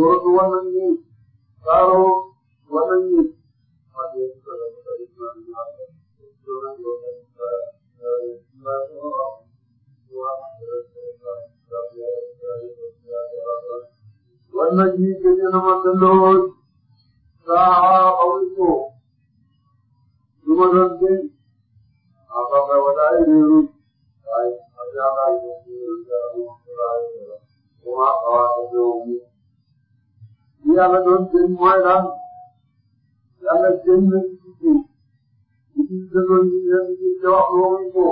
buur bi war nañ ñu saaro war nañ ñu war nañ ñu gëj na ma delloo saa xawli ko lu ma doon gën akaka wadaay réeru ay ajaaxaay ko yàlla doon jëriñ mooy lan yàlla jëriñ la ci suuf li ci jëloon ñu leen di te wax waxuñ ko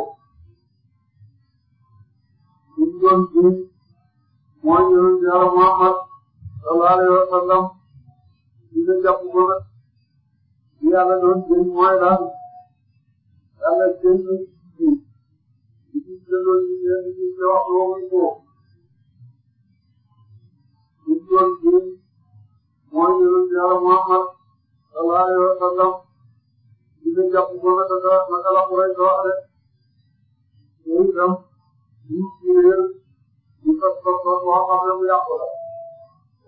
li ñu doon jëriñ mooy yonent yàlla Muhammad sallallahu alayhi wa sallam di la jàpp ba nag yàlla doon jëriñ mooy lan yàlla jëriñ la ci suuf li ci jëloon ñu leen di te wax waxuñ ko li ñu doon jëriñ mooy yonent Yàlla Muhammad sallallahu alayhi wa sallam di nga jàpp ba nga dëkk naka la koy doxale yow itam ñu ngi réer ñu toog toog toog boo xam ne mu yàqu la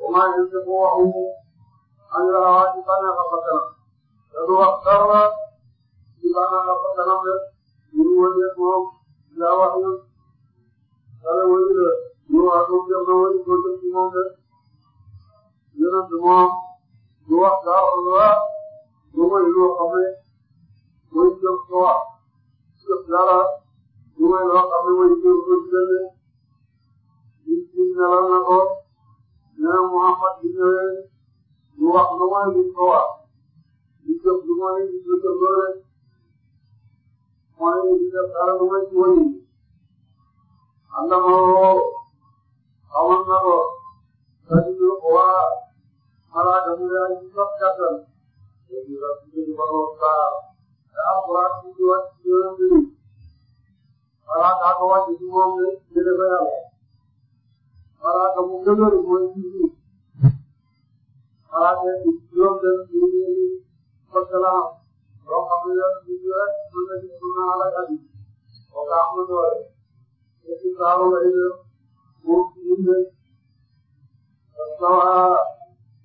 au moins il faut waxuñu ànd la waa ci bànneex a bakkanam te du wax dara ci bànneex a bakkanam rek ñu ngi wane moom yaa wax ñu dara wëy la ñu wax moom dem na wëy ko jëm ci moom rek. yonent moom du wax dara la lu may loo xam ne mooy jëf ko wax jëf dara lu may loo xam ne mooy jëf ko jëne nit ñi nelal na ko ne Muhammad bi ñëwee du wax lu may li ko wax di jëf lu may di jëf loole mooy di def dara lu may ci wëy ànd ak amoon na ko c'est-à-dire waa xanaa dañu leen di jox kattan dañu leen di suñu borom baax te alxuraan bi ñu wàcc ci yonent bi xanaa daa ko wàcc ci moom la jëlee ba yàlla xanaa ka mu dëgër mooy ci suuf xanaa te juróom benn bi ñu ngi fëkkalaa loo xam ne yonent bi rek mën na ci mën na alay ati boo ko am na doole te ci saalum ay la pour ñu ne.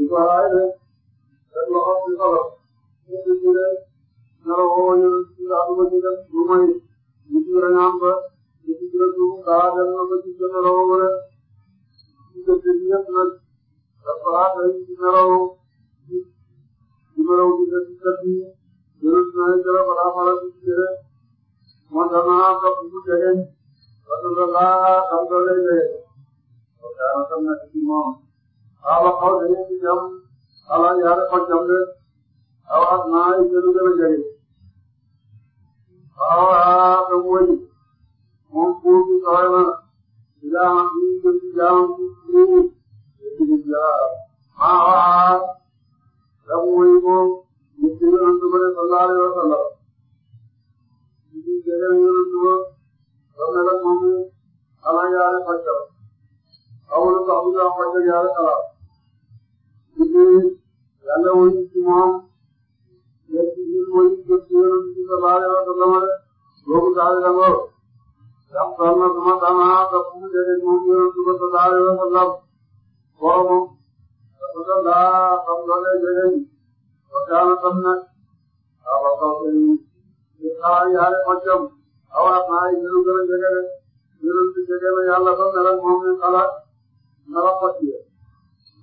di ko raay rek rek loxo si solo ñun ñu ngi leen nara woo yële si laatu ba ñu def lu may ñu ci gën a ci gën a dugg daa dem na ba ci gën a raw rek ci ñëpp yonent jege na yàlla ba mel ak moom ñu xalaat nar a fas yéen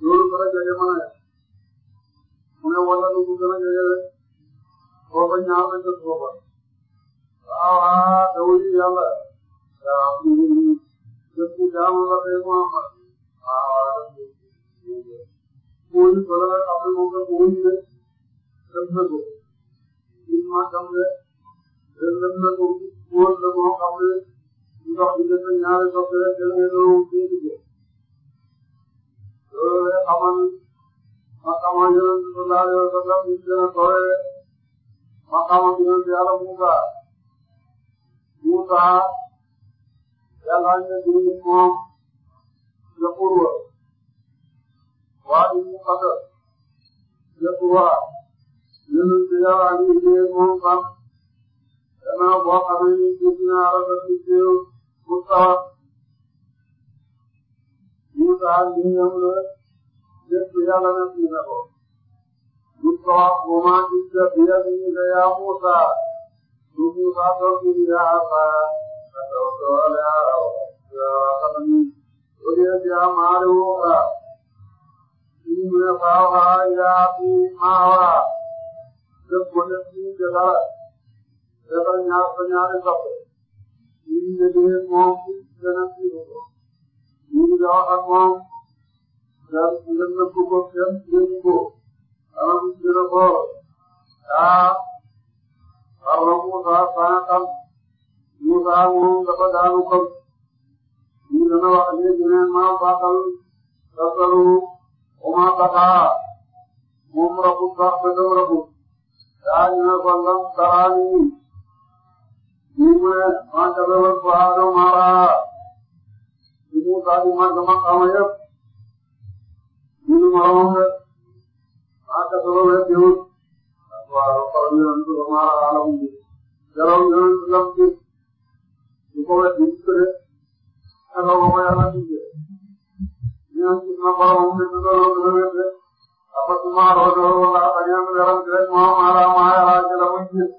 loolu fa la jege mën a yàq mu ne wala lu gën a jege rek foofa ñaar la jot foofa waaw ah dawul yi yàlla waaw jot ci jaamu la tey mu am waaw kuy fa la après moom la kuy de def na ko il ma xam ne def na ko kuwoon la moo xam ne ndox bi dafa ñaari soppe rek da ngay doon félicité loolu rek xamal maqaama yonent bi sallallahu alayhi wa sallam ñu gën a kowe maqaama yonent bi yàlla Muusa Muusa yàlla ñu ne dund moom jëkkër wa waa di mu xata jëkkër wa yonent bi yàlla ñu ne moom sax danaa boo xam ne ñu gën a rafetlu Moussa Moussa ñoom la lépp yàlla na fi ne ko. Moussa moment bi jot yàlla ñu ne yaa Moussa. su Moussa toog ñu yaa Asaa. ka taw toolam yaa raw. yaa xam ni. au lieu que yaa maa di woo ka. ñu ne faa waa yaa fi maa waa. lépp ko def ci dara. dafa ñaar fa ñu ngi liggéey moom dana siiw ko ñu ngi doon wax ak moom daal ngeen def ko ko kenn dégg ko am dina ko ah xarala Moussa Sanatar Moussa moom dafa daanu ko ñu dana wax ne dina maa baaxal tasaru oma bataa moom rabbu baax ba dem rabbu daa ñu ne ko lan daraani مما ما كذب الفؤاد وما رأى موسى بما مقام يب من مرام ما كذب ويبيوت وقال ينصر وما رأى لهم جرم ينصر لهم يقول ينصر أنا وما يلا ينصر ما قام من ذلك ذلك أبدا ما رأى ولا أيام يرى ما ما رأى ما يرى جل وعلا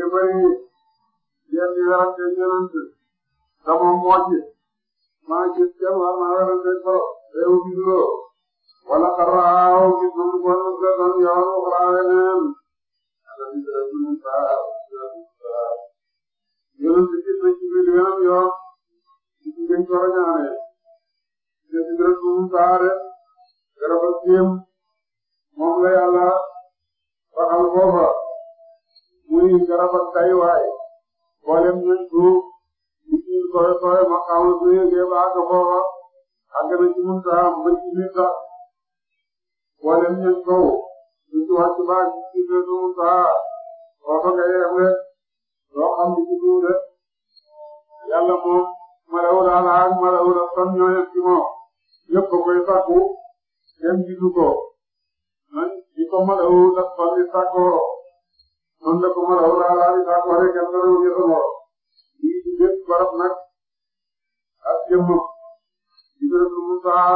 yu bëri yéen ñu werante ak yonent te moom moo maa ngi gis kenn war naa werante ko réew mi duloo wala xaraaw gis nañu ko nu ko doon yoon waxraale neen yonent gis na ci biir yoonam yoon ci gën ko ñaanee gis mu saare garab ak jéem moom la yàlla waxal foofa muy garab ak kayuwaay mboolem ñun suuf di ci sooy sooy ma xaw ma suyee ba àgg foofa àgg na ci muntaam ba ci biir sax mboolem ñun sow di ci wàcc ba àgg ci biir muntaa foofa nga yem rek loo xam di ci suuf rek yàlla moom malawul ala ak malawul fan ñoo yem ci moom ñëpp ko koy sàkku kenn gisu ko man di ko malawul ak fan yi sàkkoo noonu la ko mën a walaalaali saa ko waxee kenn dara wu ñu sa morom lii ci bépp barab nag ak jëmmam di béréb lu mu saa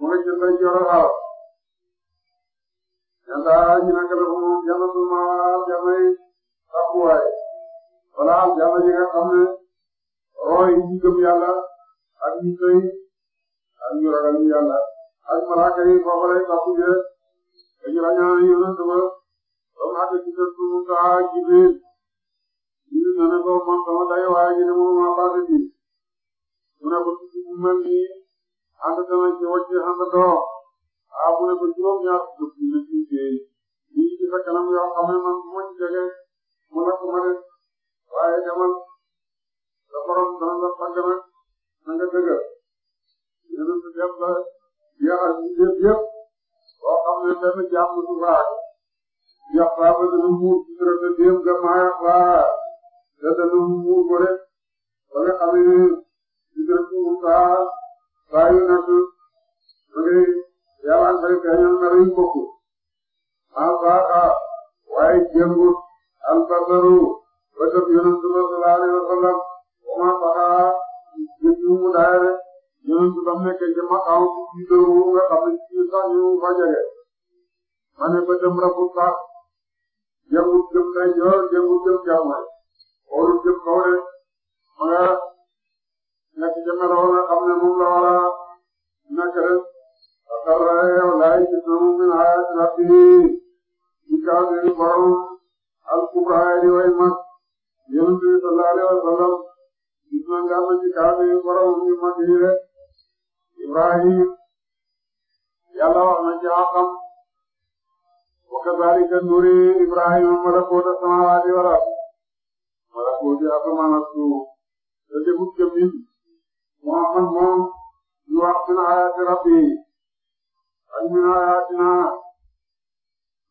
mooy ca ndey joxe xaaral yàlla ñu nekk dafa moom yàlla su ma jamay taxawaay wala yàlla yi nga xam ne rooy yi gëm yàlla ak yi tey ak ñu ragal yàlla ak malaaka yi foofu lay taxawee. dañu ràññoon yonent ba ba mu àgg ci kër Muusaa Jibriil ñu ne ko moom sama waaye ñu ne moom maa baaxee mu ne ko mu mel nii ànd sama ci wàcc ànd doo ah mu ne ko juróom-ñaar dugg na ci géej lii ci sa kanam yoo xam ne man moo ci jege mu ne ko waaye demal sa borom dana la fàgg nag na nga dëgg yonent bi yëpp la yéex a yëpp yëpp. boo xam ne benn jàmm du baax jox baax ba dana muur ci rafet bi yëpp damaa baax te dana muur ko rek ba nga xam ne ci rafet bu baax baax yu nekk ba ngay yàlla ngay feeñal nar yu bokk ah baax waaye jëngut albasaru ba def yonent bi sallallahu alayhi wa sallam wa ma baax jëndu mu daay ñun su ba mu nekkee jëmm aw ci dëru nga xam ne ci sax ñu fa jege ma ne ba dem rabu sax jëmul jëm nay joor jëmul jëm jàmmay xoolu jëm kaw de ma nga nekk jëmm la nga xam ne moom la war a nekk rek akarra yow laay ci noonu min ayat rabbi ci kaafiri borom al kubra di way mag yonent bi sallallahu alayhi wa sallam gis na nga ma ci kaafiri borom ñu mag yi rek Ibrahim yàlla wax na ci xam wa kazaalika nuri Ibrahima malakuuta samaawaati wal ard malakuuti asamaan ak suuf te déglu jëm nit Muhammad moom ñu wax min ayaati rabbi ak min ayaatina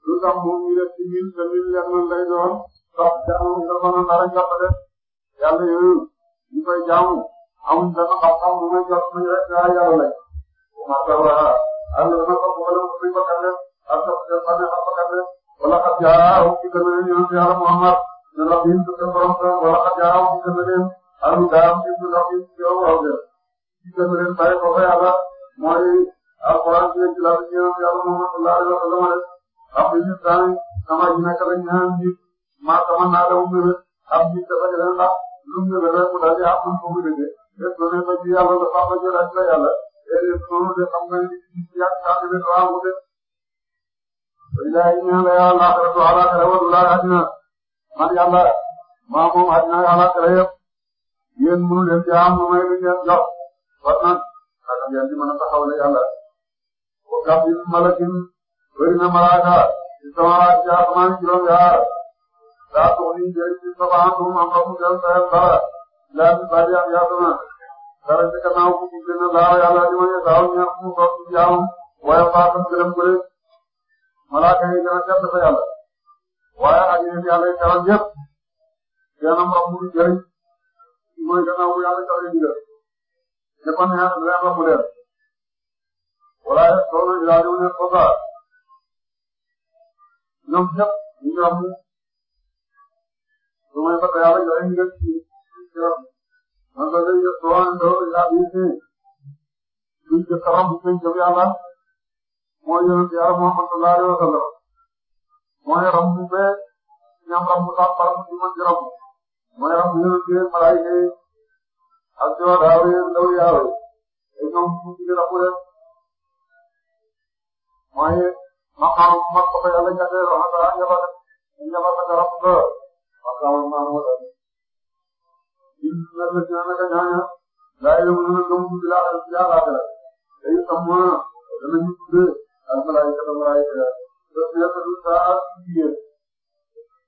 lu tax moom ñu def ci min te min leer na lay doon sax jaamu nga mën a nar a jàpp de yàlla yooyu ñu koy jaamu. amuñ benn xam-xam bu may jot muy rek ñaari allah allo ma ko bëggoon a bëgg bëgg a def ak sa ci gën a leen yonent yàlla Muhammad ci gën a leen alu daa am ci ñu ndox yi ci yow raw ci gën a leen bàyyi ko fa yàlla mooy alxuraan ci ci laaj yonent yàlla Muhammad sallallahu alayhi wa sallam rek am na ñu saa yi sama ji nekk ji maa sama naa daw mbir am ji dafa rek mu daal di am lu mu ko bëggee lépp lu ne ba ci yàlla ba baax a jëlaat la yàlla léeg-léeg noonu de xam nga li ci yàq saa di leen waaw mu def. walaay ñu ne la yàlla laaxira du alaxira wala àddina man yàlla maa moom àddina alaxira yëpp yéen mënu leen ci am lu may lu ngeen jox war na ak ngeen di mën a taxawle yàlla. wa kam min malakin bëri na malaaka ci samaawaati ci asamaan juróom-yaar daa tuxni jëriñ ci sabaantum am ba mu del sayal dara. laa bi bari ak yaatu na dara ci gannaaw ku ci gën a laaw yàlla di wane daaw ñax mu toog ci jaam waaye faatam gërëm ko rek malaaka yi gën a tedd fa yàlla waaye ak yéen yàlla yi karam yëpp yàlla mu am lu jëriñ mooy gannaaw bu yàlla joxe ndigal ne ko neex leen la mu leen walaay toolu yaa di wane Kopa ñoom ñëpp ñu ngi am lu may fekk yàlla joxe ndigal ci man ba léegi soo andoo yaa ngi fi luñ ca saxam bu feeñ ca yàlla mooy yonent yàlla Muhammad sallallahu alayhi wa sallam mooy rambu bee ñam rambu sax ba rambu ñu mën ci rambu mooy rambu yonent yi malaayika yi ak ci waa daaw yi ndaw yaawe te ñoom ñu ci rambu leen mooy maqaam mat ko fa yàlla jàppee wax dara ñëwaat ñëwaat ak rambu ba wax dara maa moo tax naka ñaaña gaa yi mën na gëm ci laa ci laa laa dara dañu xam ma danañu tuddee ak malaayika ak malaayika te nekkatu saa jigéen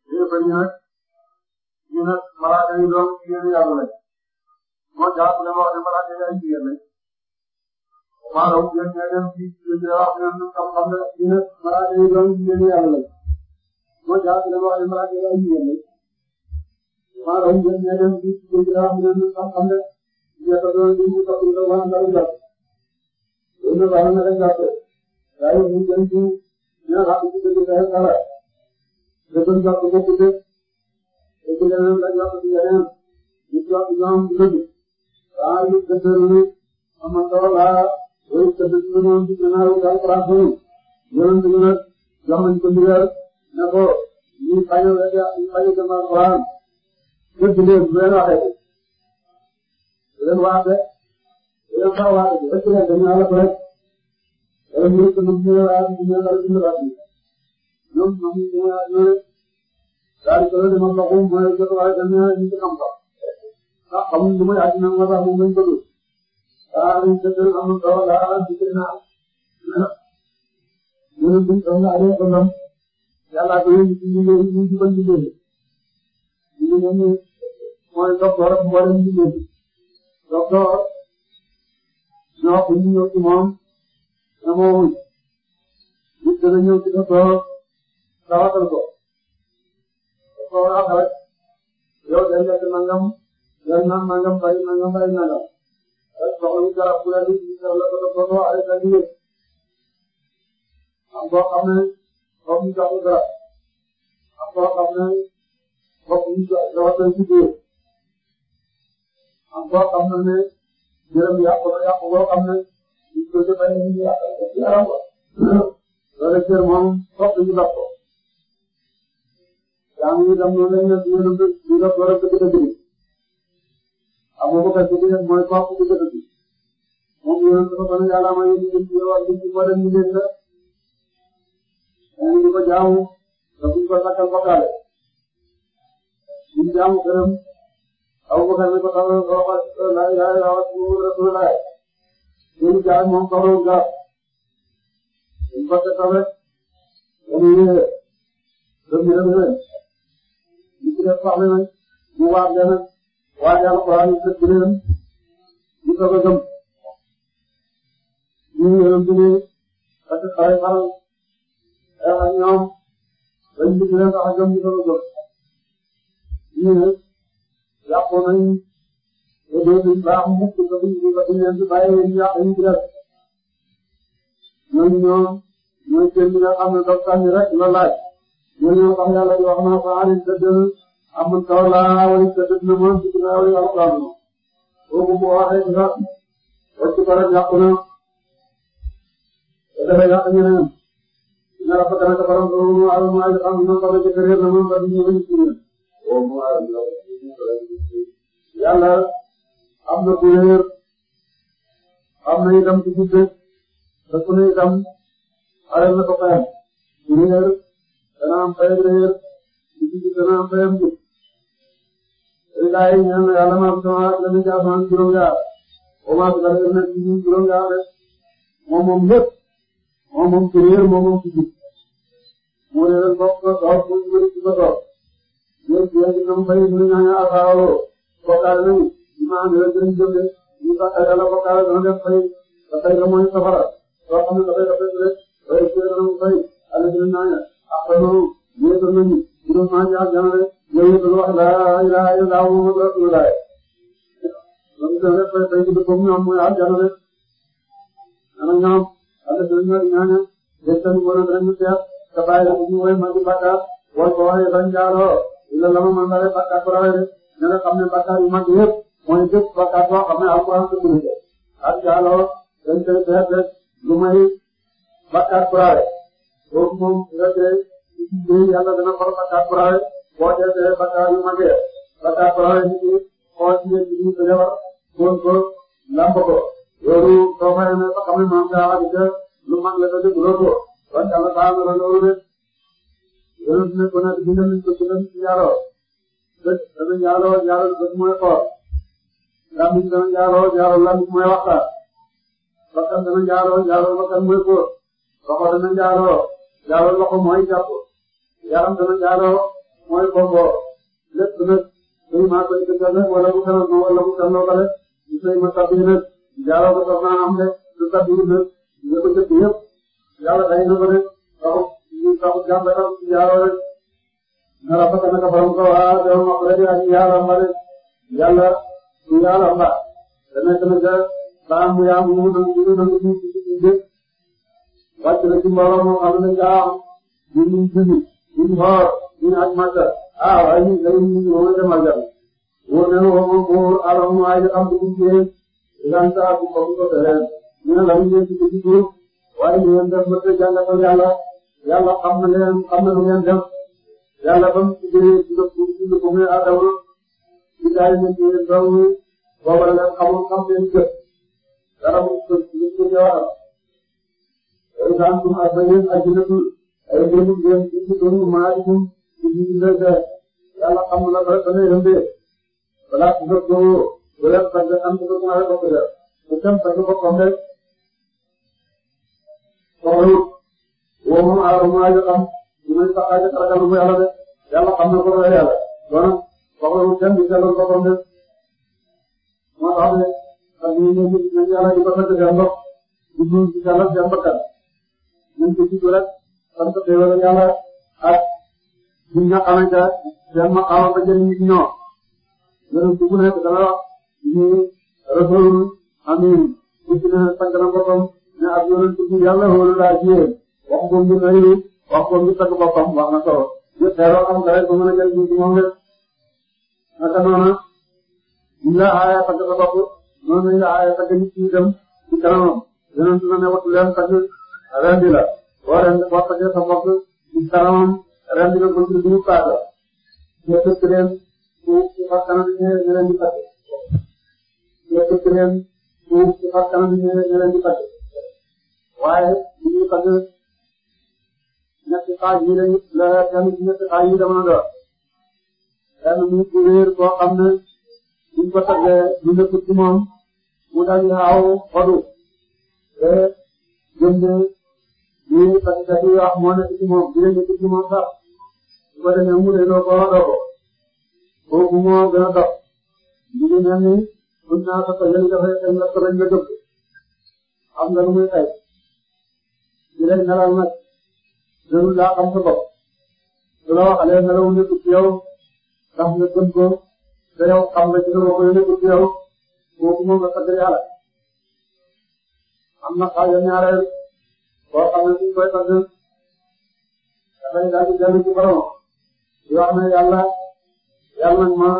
yéen ba ñu nag ñu nag malaaka yi doom jigéen yàlla lañ moo jàpp ne wax ne malaaka yi ay jigéen lañ maa doon yéen ñoo dem ci jigéen wax ne xam-xam ne ñu ne malaaka yi doom jigéen yàlla lañ moo jàpp ne wax ne malaaka yi ay jigéen lañ maa doon jëm ña dem ci géej gi daal ñu naan sax xam ne ñett doon jiw bu topp nga wàllu ndaw jàpp loolu nag wàllu ndaw jàpp waaye ñu jëm ci ña xam ci géej gi daal dara dëgg jàpp bokkul de dëgg yeneen la jàpp ci yeneen ñu jàpp ñoom dëgg waaye ñu dëgër ñu am na solo laa loolu dëgg ci lu ñu ci gànnaaw daal France yi yéen ñu nag jox nañ ko ndigal ne ko ñu bañ a ñu bañ a jëmmal Alxuraan ñun bu leen bu leen waxee bu leen waxee bu leen xaw a waxee est-ce que nag dañu àll ba rek wala ñu ne ko ñun ñu ne la ñu ne la ñu ne la ñoom ñoom ñu ne la ñu ne daal di ko def dama bokk mooy jot waaye dañu ne ñu ci xam ko ndax ah, xamuñ lu may àddina moo tax moom lañ ah, ko dul ah ñu ne tey amul kaw ah gis naa ñu ne buñ ko nga àddee ko ndam yàlla ko yéen ñu ci ñu ñu ci ban liggéey ñu ne ñu mooy docteur ak mboolem jigéen docteur ñoo ko ñëw ci moom te moo wuñ nit dana ñëw ci docteur tawatal ko docteur wax rek yow day lekk nangam day naan nangam bàyyi nangam bàyyi nangam rek soxla wu garab bu la nit ñi soxla ko docteur arrêté la ñu am boo xam ne bopp ñu jox ko garab am boo xam ne bopp ñu jox ko ci biir am koo xam ne jërëm yàqu na yàqu boo xam ne ñu ko defee ñu ngi yàq ci alam quoi. loolu cër moom sopp ñu def ko. yaa ngi dem noonu la ñu leen ñu def ñu def loolu dëgg dëgg bi. amoo ko kese bi nag mooy sopp bu dëgg bi. moom yéen a ko mën yàlla mooy yéen ñu war di ci boole ñu leen la. ñu ko jaamu. te buñ ko sakkal bokkaale. ñu jaamu gërëm. Abubakar ne ko taxawal ko wax laa ilaaha illallaah Muhammadu rasuulullaah ñu jaay moom taxawul gaaf ñu ko tekkal rek ba mu ñëwee dëgg dem leen ñu ci def soxla nañ mu waat leen waat yàlla ko waaye ñu tëj leen ñu soog a gëm ñu ngi leen di nuyu parce que xale yi faral ñoom dañu gis leen tax a gëm ñu soog a gëm ñu ne. yàqu nañu te dootul baax mukk te duñ leen di bàyyi yàq yi di def ñooñu ñoo ñooy seen li nga xam ne dox sànni rek la laaj ñooñu ñoo tax yàlla di wax na ko Aliou Sadel amul taw laa wala Sadel na moom si ginnaaw yi alxuraan la kooku bu waxee dina wàcc ba rek yàqu na te dafay yàq ñeneen dina rafetlu rek ba doon ba mu aar mu aar xam ne moom ba nga jëkkëree na moom ba du ñëw ba ñu yàlla am na ku réer am na itam ku jubbe te ku ne itam alal na ko fayam ku réer dana am fayam réer ku jubbe dana am fayam jub ridaay ñaan na yàlla maa sama ak la ci asamaan juróom-ñaar au moins la réer nag ci juróom-ñaar rek moom moom lépp moom moom ku réer moom moom ku jub mu réeral bopp ko toog mu jubbe ci ko toog ñoom ci yàlla ñoom béy ñu ñaan alxarawoo bokkaale nañu ñu ma am yàlla jëriñ jënd ñu sax ay yàlla bokkaale dana def béy dafay nga mooy safara soo xam ne dafay rafet rek béy ci yàlla mu béy ala ñu ñaan ak ba noonu wéetal nañu ñu doon maa jaar jàmm rek ñoom itam wax laa ilaha illa allah muhammadu rasulullah ñoom itam rek béy béy bi de comme ñoom mooy aljanna rek ana ñoom ala ñu ñaan ñaan def seen góor ak ren ñu teex te bàyyi la ñu wéy ma di bàkkaar wal ko waxee bañ jaaroo ila la ma mën a def bàkkaar bu rawee rek na nga xam ne bàkkaar yu mag yëpp mooy bépp bàkkaar boo xam ne alquran ko bind de ak jaaloo dañ koy seet rek lu may bàkkaar bu rawee boobu moom nga tey ci yàlla dana xool bàkkaar bu rawee boo seetee bàkkaar yu mag yëpp bàkkaar bu rawee nit ñi xool ci yéen ñu ko defar góor ko lamb ko loolu soo ko yemee ba xam ne moom daa wax lu mag la ko déglu loolu ko kon yàlla baal na la loolu rek yéen ne ko nag dina nit ko dana njaaloo bët dana njaaloo njaaloo bët mooy xool làmmiñ dana njaaloo njaaloo làmmiñ mooy waxtaan bakkan dana njaaloo njaaloo bakkan mooy góor loxo dana njaaloo njaaloo loxo mooy jàpp yaram dana njaaloo mooy bomboo lépp nag day maa koy dëggal nag wala bu kanam wala bu kanam ba rek ñu koy ma tabbi nag njaaloo ba soxna am rek du tabbi nag nga ko jëpp yëpp yàlla day na ko rek ñu tax jàmbatam ci yàlla rek na rafet na ko borom ko waa dama ma ko rek ak yàlla mbale yàlla du yàlla mba dana tamit baam bu yaam mu dëng mu dëng ci ci ci jëf wàcc na ci mbooloo moo xam ne daa am ñu ñu jugi ñu xoor ñu ak màkka ah waaye ñu dañu ñu woo demal jàll wóor na woo moom wóor alam mu ay am bu ci lan saa bu ko ko tere ñu la ñu ci ci waaye ñu def ba jàngatal yàlla yàlla xam xam na lu ngeen def yàlla ba mu ci jëlee ci dëkk bi ci ko muy Adama ci daay ñu ci doom booba xam seen jëf dara mu ci ci ci waral exemple ak yéen ak yéen ay yéen ngeen ci ci doon maa ci ci ci le de yàlla xam na ba dana yëmbee balaa ci dëkk boobu bu leen fekk am ci dëkk maa ko ko ko mbéy woo moom alamu maa ngi xam dinañ sax ay ca kàlla bu yàlla de yàlla xam na ko loolu yàlla kon soxlawul kenn du seetlu boppam de moo tax ne sax ñun ñoo ngi nañ yàlla di ko fekk seen bopp di ñu ci yàlla seen bakkan nañ ko jiitu rek sant teewale yàlla ak ñun ñoo xamante ne seen ma xamal ba jëriñ ci ñoo yéen su bu nekk dana wax ñu rasul amin ci ne sànq na boppam ne ab yonent bi yàlla wóolu laa ci yéen wax ko mu rëylu wax ko mu tagg boppam wax na solo yëpp teeloo xam dara ba mën a jël ci moom rek naka noonu ñu la aaya tagg sa bopp noonu lañ la aaya tagg nit ñi dem ci kanamam yonent na ne watu leen tagg rendi la boo rendi boo taggee sa bopp ci kanamam rendi la ko ci biir paaka nga tëkk leen suuf ci fas kanam bi ñëwee nga leen di tagg nga tëkk leen suuf ci fas kanam bi ñëwee nga leen di tagg waaye li ñuy tagg ñetti xaaj yi lañu la tamit ñetti xaaj yi dama nga kenn muy ku wéer koo xam ne buñ ko taglee ñu nekk ci moom mu daal di aw xodu te jëm ne ñuy fatikat yi wax moo nekk ci moom di la nekk ci moom sax su ko demee mu delloo ko waxoo ko kooku moo gën a dox ñu ngi mel ni buñ naa ko yële dafay xëy nga ko bañ nga jóg am nga lu muy xëy di lay nelal nag jërul yaa xam sa bopp su la waxalee ne la wu nekkul ci yow tax nga gën ko te yow xam nga ci la wax yu nekkul ci yow kooku moom la tëgg yàlla am na xaaj yu ñaareel boo xam ne suñ koy tëgg dafay daal di dellu ci borom di wax ne yàlla yàlla nag ma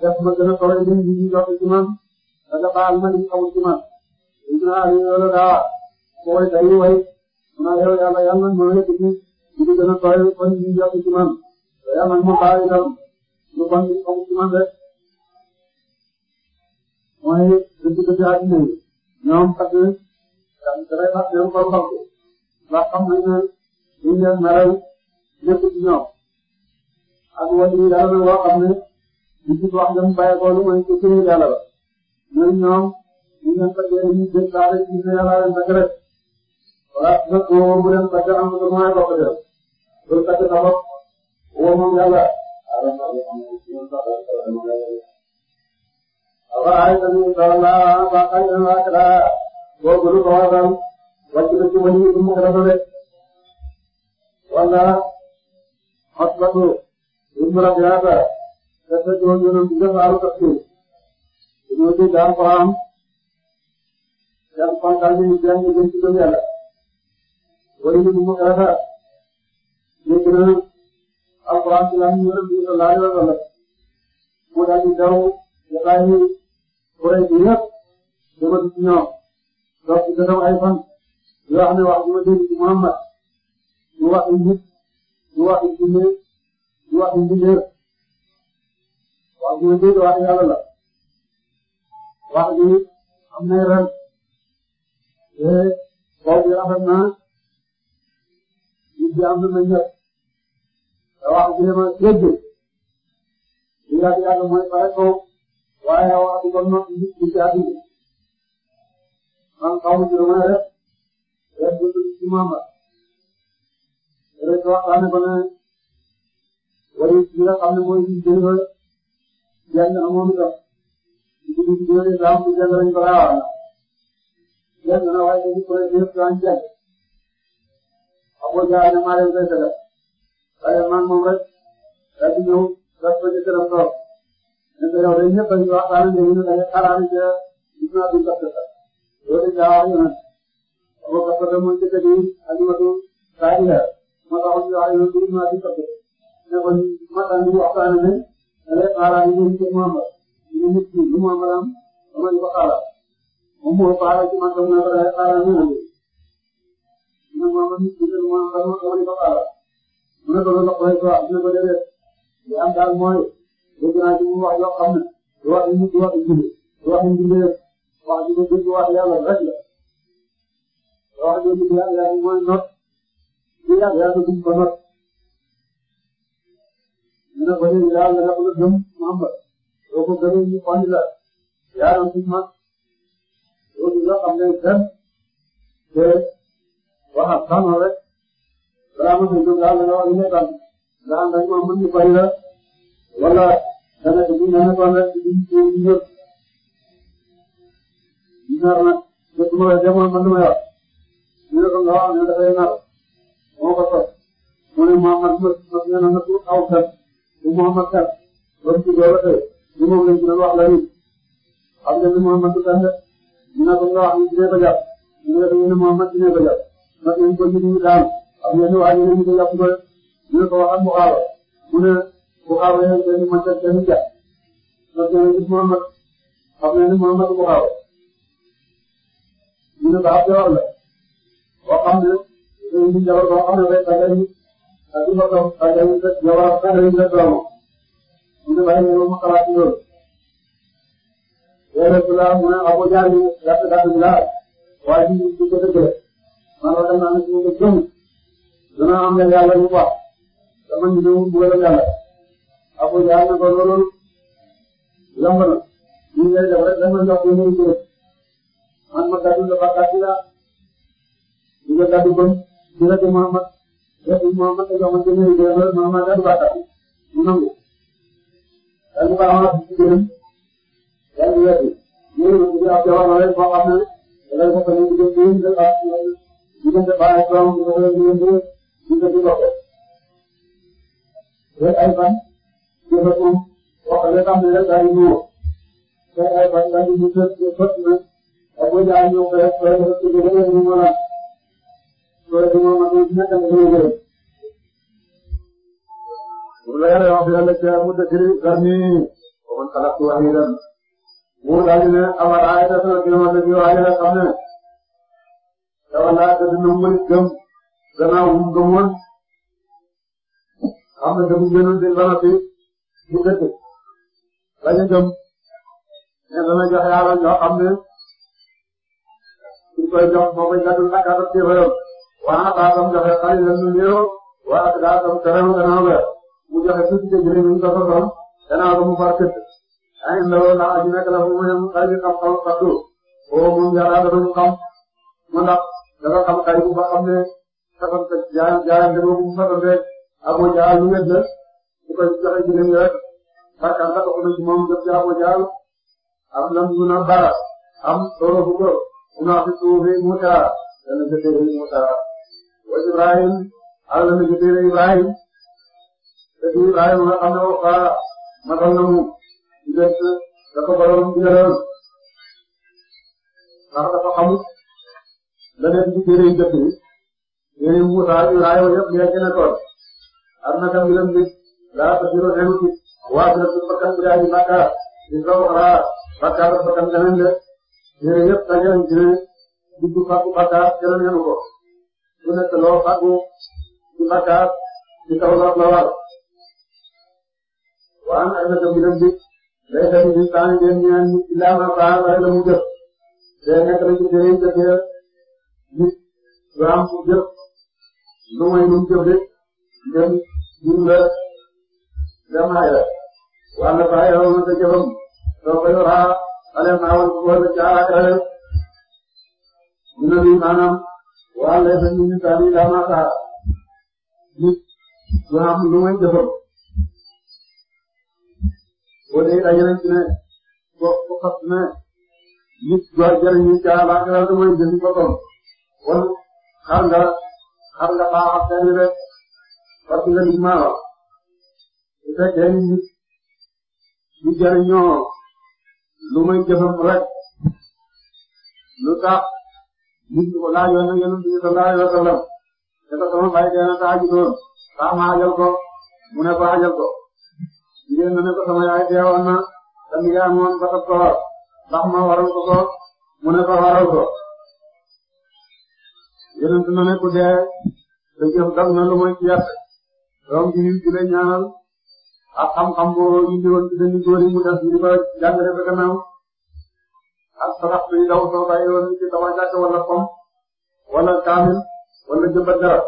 def ma gën a sori li ñu jox ci man daga baal ma li xamul ci man. li ñu naan xanaa yow yàlla yàlla nañ mën a dugg ci li gën a tooy kon ñu jot ci man yàlla nañ ma bàyyi itam lu bon ñu am ci man rek mooy dëgg dëgg àddina yi ñoom parce que dafay fàq seen xol xol ko ndax xam nañ ne duñ leen meral lépp ci ñoom ak wàllu yi daal loo xam ne li ci wax nga mu bàyyeekoo lu mooy ci suñu yàlla la ñoom ñoom ñu leen fekkee ñu jël saa rek ñu ne yàlla rek rek. waaw nag moom bu dem parce que am na moyen boo ko def loolu parce que sa bopp woo moom yàlla أرأيت الذي صلى فقيرا وأكلا وكل صوابا وجدت ولي ثم كرفت ولا حسبة ثم رجعت كسبت وجنون تجفع ركبتي ونوتي دار قرام كان قد قلبي جاني جنتي كميالا wala ñu mu rafet nekk na alxuraan ci laaj yonent bi sallallahu alayhi wa sallam mu daal di daw jotaay kuréel bi yëpp jëmale ci ñoom dox ci gëtam ay fan yoo xam wax dama dégg wax ci nit wax ci jinne ñu wax ci mbindeef wax dama dégg wax la wax bi am nay ren te boobu rafet na jaam na ñëpp wax dëgg ma dégg li nga yàlla mooy pare kaw waaye wax dëgg kon moom nit ñi caa dugg man xaw ma jëloon rek rek ne wala li nga xam ne mooy li ñu jënd jàng amoon itam li ñu jënd jàng lañ ko laawal Abu Jahl maa leen koy fegal waaye man moom rek daal di ñëw def ko ci këram toog ñu koy wax dañuy ñëpp dañuy waxtaan ak yéen ñu dañuy xalaat ca gis naa duñ ko fekkal loolu it daa wax ñu nag Abu Bakr mooy ci kër yi ak Matu Sadio ma taxoon ñu wax yow gis naa duñ ko fekkal ne kon mataan bi waxtaan nañ ne rek xalaat ñu ngi ci Muhammad ñu ngi ci lu Muhammad am dama ñu ko xalaat moom moo xalaat ci man tam naa ko daal xalaat ñu ngi ne moom la nit ki de moom la moom mooy Fapal mu ne ko loolu la koy wax mu ne ko déedéet li am daal mooy dégg naa ci mu wax yoo xam ne du wax nit du wax nit du wax nit lépp wax ji ko dégg wax yàlla rek la wax dëgg yàlla mooy not li yàlla yàlla duñ ko not mu ne ko léegi daal nga ko gëm Muhammad doo ko gëmee ñu xondi la yaa doon suñu mag doo ko jox am nañ benn te. waaw xam nga rek balaa mos a jóg daal da nga war a nekkal daal dañ ma mën ñu bari la wala dana dugg nga nekkoon rek di di ñëpp ñu nar nag te su ma la demoon man dama yor ñu ne ko nga waaw ñu dafay nar moo ko sos mu ne Mouhamad mos mos ngeen a nëbbu aw kat bu Mouhamad kat ba mu tuddoo ba tey li moom lañ ci doon wax la nit xam nga ni Mouhamad du kat rek ñu ne ko nga wax ñu dinañ ko jàpp ñu ne ko ñu ne Mouhamad dinañ ko jàpp. na ngeen ko yëngu daal am ngeen waa ñu ne ñu ngi yàqu ba ñu ko wax ak Buxaaba mu ne Buxaaba yooyu kenn mën na kenn jàpp na ngeen gis Muhammad xam ngeen ni Muhammad Buxaaba ñu ne baax na la boo xam ne dañuy di jabar boo xam ne rek da ngay da ngay ba toog da ngay fekk jabar da ngay fekk doomu mu ne bàyyi ne ma xalaat loolu yooyu rek la mu ne Abu Jahl gàtt gàtt bi laal waaye ñu ngi ko dëgg man la naa ne si ñu gën dana am ne yàlla bu baax dama ñu ñëw mbugal yàlla Abu Jahl ne ko loolu yomb na ñu ngi lay def rek dama jox ñu ñu gën man ma gàddu la ba gàddu la ñu nga gàddu bon ñu nga Muhammad lépp Muhammad te jox ma ci ñu gën loolu ma ma gàddu ba gàddu mu nangu dañu ko amal ci gën dañu yegg ñu ñu ci ab jamono rek boo xam ne da ngay ko fa ñu gën ñu diggante baa ak doom diggante diggante diggante loxo te ay fan jëfandu wax dëgg am na daal di ñëw te ay fan daal di ñëw te fot na ak boo jaa ñëw ba rek sooy def ci gën a ñëw la sooy def moom ak ñoom ñett nga ñëw jëlee. bu la yàlla wax yàlla ca mu dëkk yi garmi wa man xalaqtu wahidan mu daal di ne amara ay def na kii ma dëkk waaye rek xam ne walaay te dina mën gëm gannaaw bu mu gëmoon xam nga gëm gënoon te ba noppi bu dëkk bañ a gëm ne dana jox yàlla ñoo xam ne suñ koy jox moo koy gàddu ak àll ci réew. waaw baatam joxe xale yi dañu ñëw waaw ak daa tam terewul gannaaw weer mu joxe tuuti te jëlee ñu ko fa doon gannaaw ba mu far kët. ay ndaw ndax aji nekk la fa mu yem xale yi xam-xam fàttu. boobu moom yàlla dafa ñu xam mu ndax. dafa xam xarit bu ba ne saxoon sa jaay jaayante boobu mu saxoon rek Abu Jahl lu wet la bu ko joxe ji lañ rek barka la ko ci moom def ci Abu Jahl am lam ñu na bara am fi suufi Musa wa Ibrahim ala na jëtee Ibrahim fi Ibrahim nga xam ne wa matal na mu def da ko borom digaloon ndax dafa xamut la nekk ci téere yu jëkk yi téere yu Musaa Ibrahima yëpp léegi na tool laa tasiru nenu ci waa bi bakkan bi daaji bàkkaar di sa waxraa bàkkaar bakkan beneen de téere yëpp daje nañ ci ne dugg fàggu bàkkaar kenn nenu ko su nekk loo fàggu ci la la waan am na tam mbiram nit lay tamit insaan yi den ñaan illaa ma faa la mu jëf te nekk na ci téere yu jëkk nit yaa ngi jëf lu may nu mu jëf de ngeen jiw la dem ay la wàllu saa yoo xamante jëfam soo ko yoraa xale naa woon wala caa ñu ne lii maanaam wàllu seen ministère yi daa maa saa nit du am lu may jëfam boo dee ay yeneen ci ne boo ko fas ne nit du jëriñu caa laa ko yàlla damay jëfi boppam wala xar nga xar nga baax a de parce que li ma wax su fekkee nit ñu jëriñoo lu may jëfam rek lu tax nit ñi ko laajoon na yonent bi sallallahu alayhi wa sallam te ko sama bàyyi dee na taa ji doon saa ma ajal ko mu ne ko ajal ko jigéen na ne ko sama yaay deewoon na te mi ngi amoon ba tax ko war ndax ma waral ko ko mu ne ko waral ko. yonent na ku dee sa jëf na lu moy ci yàlla ji yiw ji ñaanal ak xam-xam boo indi woon ci dañu góor def ñu ko jàngale ba gannaaw ak sarax bi daw soo bàyyi woon ci dama wala pom wala kaamil wala jëmbat dara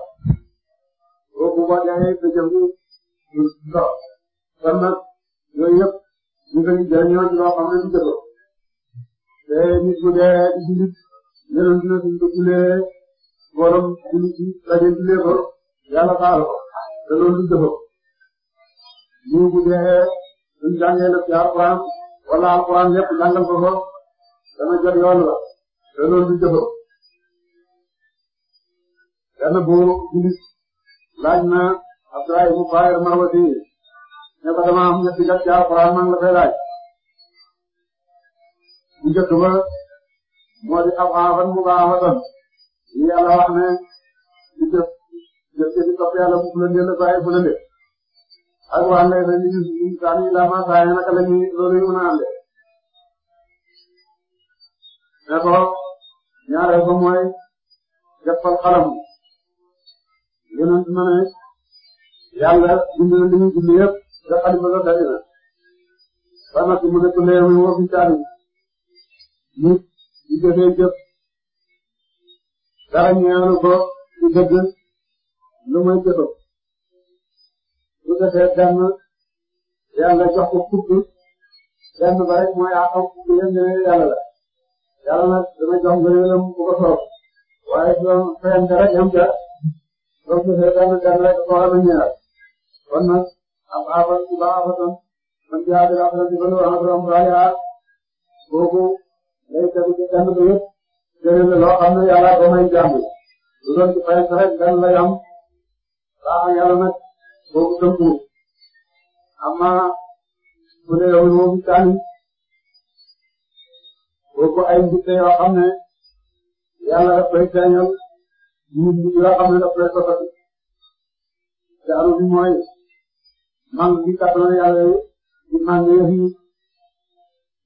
boobu boo dee sa jëf du dara kon nag yooyu yëpp ñu ngi leen jëriñoo ci loo te nit bu dee ci nit yonent na suñ góoram julli ci daje ci léefar yàlla baal ko te loolu du dëfam ñu bu dee suñ jàngee lépp ci alquran wala alquran lépp jàngal ko ko dana jot yoon la te loolu du dëfam bu jullit laaj na Abdoulaye mu Fayer Marwati ne ko dama am ñetti gàtt ci alquran maa ngi la fay laaj bu njëkk ba moo di ab aafan mu baaxatoon li yàlla wax ne ci jëf jëf ci di topp yàlla bu fulande la bàyyi fulande ak waa ne dañuy ñu saa ñu daa ma saa naka la ñuy loolu yu mën a ànde ne ko ñaareel ba mooy jëppal xalam yonent na ne yàlla bind na li ñu bind yëpp nga xalifa sa dali na ba nag mu nekk leer mi woo fi caani nit di jëfee jëf dara ñëwaat ko ci dëgg lu muy jëfoo bu defee benn yàlla jox ko fukk benn ba rek mooy àqam fukk yëpp ne yàlla la yàlla nag dana jox ngëneelam bu ko soob waaye su doon fayante rek yam ca soo defee benn benn rek ko war a ñëwaat kon nag ab aafat bu baax aafatoon man jaa bi la affaire bi ba lu am am raaya kooku lay tegu ci benn ba yëpp. tëral na loo xam ne yàlla ko may jàmm lu doon ci fay rek gan lay am baax na yàlla nag boobu tënku amma bu dee yow moom itam boobu ay mbégte yoo xam ne yàlla daf koy feeñal nit ñi yoo xam ne daf koy soppati daaru bi mooy man bi kàttan yàlla yi man yëf yi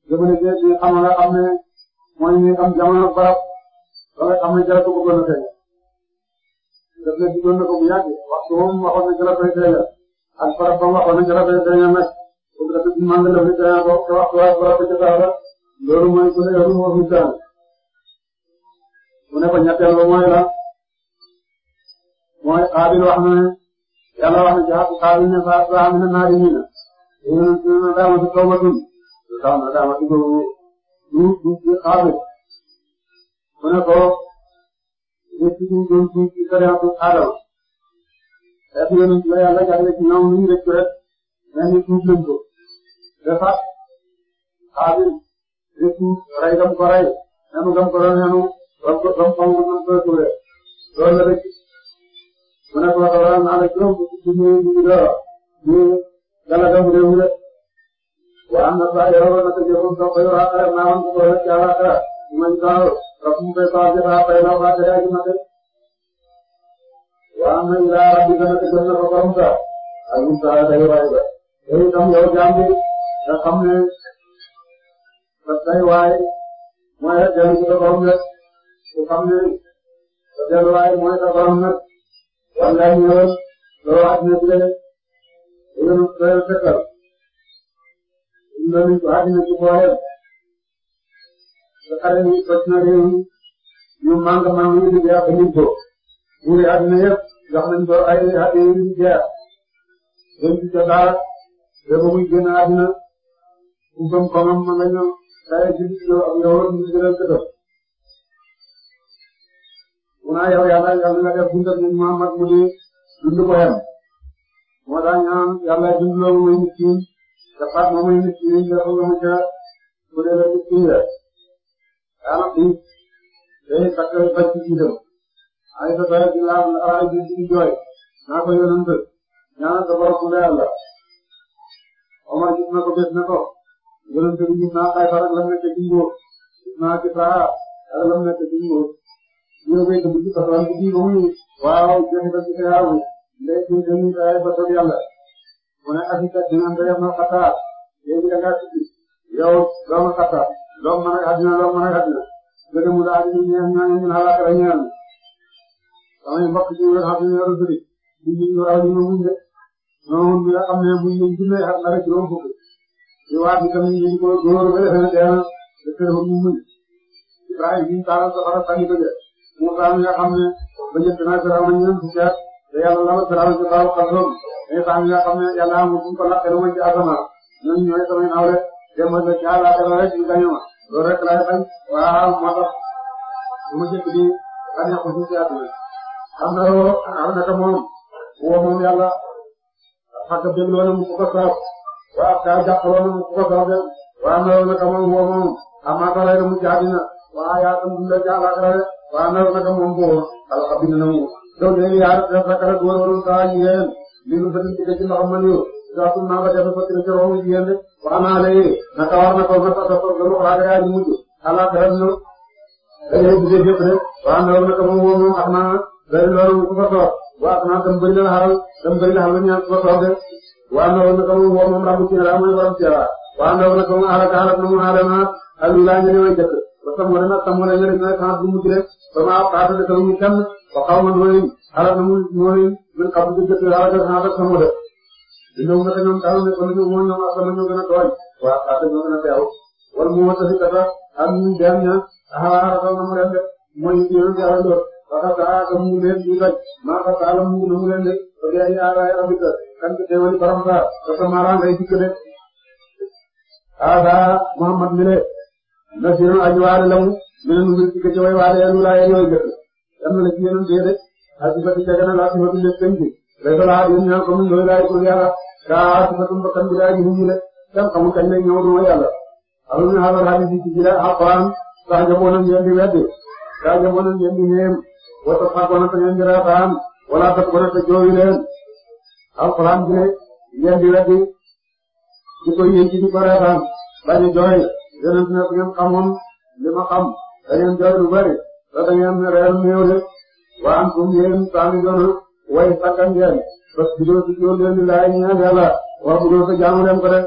jëmale jéeg yi xam nga xam ne mooy ñuy am jamono barab. loolu am na garab bu ko gën a feeñ def na ci gën a ko bu yàgg waxtu moom waxoon na garab lay feeñal ak barab ba mu waxoon na garab lay feeñal nag pour que suñu màngal daf lay feeñal ko te waxtu waay barab bi ca Kaaba loolu mooy ku ne yow moo fi daan mu ne ko ñetteel ba mooy la mooy Xaabil wax na ne yàlla wax na ci àqu Xaabil ne fa saa am na naari ñi na yéen a ngi fi ne daama si kaw ba dund daama daama si góobu du du Xaabil. mu ne ko nit ki ñu doon ci ci sariatu Adama def yonent la yàlla jagle ci ñoom ñu rek rek mais ñu tuub lañ ko dafa Xaabil nit ki rey gam ko rey nenu gam ko doon nenu gam ko gam ko mën ko tuure loolu la rek mu ne ko waral naa la juróom bu ci ñu ñu doora ñu gala gam réew rek wa am na saa yoo na ko jëfum soo ko yoraa xaram naa woon ko rek ci àllaaxira ñu mañ ko فكم بيتاجها بينها جاءنا وان الى ربنا تجلنا ربنا اذن ساعه دايبا اي تم يو جامي nga xam ne sa daywaay mooy sa dellu sa borom nag nga xam ne sa delluwaay mooy sa borom nag wala ñëwoon lool ak ñëpp de yéen a doyal fekkal ñu ne nii waa dina ci booyal te xale yi tos na réew yu màng màng yu di jeex dañuy tóo buur yi àddina yëpp jox nañ ko ay at yu di jeex dañ ci jot dara te ba muy génn àddina kusam koomam ma nga ñëw xale ci yow ak yow ñu ngi gënal këtër. mu naa yow yàlla yàlla nga def bunte nañ Muhammad mu di dund ko yem moo tax ñaan yàlla dundaloo moom mooy nit ki te Fatou moom mooy nit ki ñu def ko nga mu ca bu dee ba nit ki daanaka fi day takk baj ci jiitam ay ay di di jooy naa ko yonent ñaanal sa borom mu leeral la na ko bés na ko yonent bi gis naa Kayfa rek la mu nekk ci nguur gis naa ci saa rek la mu nekk ci nguur yow béykat bi ci soxla ci biir muy waaw joxe ko ci sa yaaru ndey ci dañuy ay ba toog yàlla mu ne Afrique dina am ba yem na Qatar léegi da ngaa tudd yow doomu loo mën a addina loo mën a addina gëdëm mu daal di ñeex ñaane ñun alaaka ñaan samay mbokk ci wër xam ne yoru sëri bu ñu ñu raw ñu muñ de noonu bi nga xam ne bu ñu jullee xam na rek juróom fukk ci waat bi tamit ñu ko góor ba defe na dee na de kër ba mu muñ Ibrahima bi ñu taalal safara sànni ko de Moussa mi nga xam ne ba jënd naa Firawna ñeen fukki at te yàlla la ma Firawna ci baaw xarsoom Isa mi nga xam ne yàlla amul fu mu ko laqee lu ma ci asamaan ñooñu ñooy samay naw rek dem ba ca alaaka rek ñu gañu ma loolu rek laay bañ waaw moo tax bu ma jëkk di bànneexu ci seet na xam na loo xam na ka moom woo moom yàlla xàq bëgg loolu mu ko soob waaw kaa jàpp loolu mu ko soob rek waaw na loolu naka moom woo moom amaa ko lay mu jaadi na waaw yaa tam dund ak yàlla ak rek waaw na loolu naka moom boo xala xabina na mu donc léegi yaa def rek rek wër wër saa yi ngeen li lu bëgg ci loxo man yu siraatul mansaka dafa tënk ci waxu jigéen de wax naa la yee naka war na ko nga fa soxla lu ma xaaral yaa ñu mujj xalaat ren ñu dajale gisee jëf de waaw loolu nag moom moom moom xam naa bëri loolu ku fa soor waaw na la xaral tam bëri na xaral ñaar ku fa soor de waaw loolu nag moom moom moom ci ne laa mooy borom ci waaw waaw loolu nag moom xaaral na mu xaaral naa ak lu laa ñëwee jëkk ba sam wala nag sam wala ñëwee ñëwee xanaa bu mujj rek ba ma xaaral de sama ñu kenn ba xaw ma nooyin xaaral na mu nooyin man xam nga jëkk xaaral de xanaa rek sama de ñoom naka ñoom taw bi kon ñoom ñoom asama ñoo gën a tooy waaw xaar ñoo gën a teew wala mu wëkkati kata am ñu dem ña xaaral na mu leen def mooy yéen a jaay doon waxal saa ka mu leen di daj maa ko saa la mu na mu leen def ba tey ay aaraay rabita kan ci teewali borom saa te sa maaraan ngay dikk de aada Muhammad mi ne na si yéen aji waale lamu mi ne nu ngi dikk ci way waale yéen wulaay yéen yooyu gëstu yam na la ci yéen a dee de ak di fa ci ca gën a laaj si fa du nekk sëñ bi day fa laaj yéen ñaan comme ni ñu koy laaj pour yàlla. kaa si bëtum ba kan bi daal di fi ñëwee kenn xamul kañ lay ñëw du ma yàlla. alors ñu weddi saa jamono ngeen di ñeem wala xaaral ngeen di raataan wala sax ba rafet jooyu leen alxuraan weddi di ko yéen di ko raataan bañ a jooy yeneen su nekk ngeen li ma xam da ngeen jooy lu bari te da ngeen reer néew de waan suum yéen saa ni jot way sakkan bés bu dee si loolu leen di laaj ñu ne yàlla waaw bu doon sa jaamu dem ko rek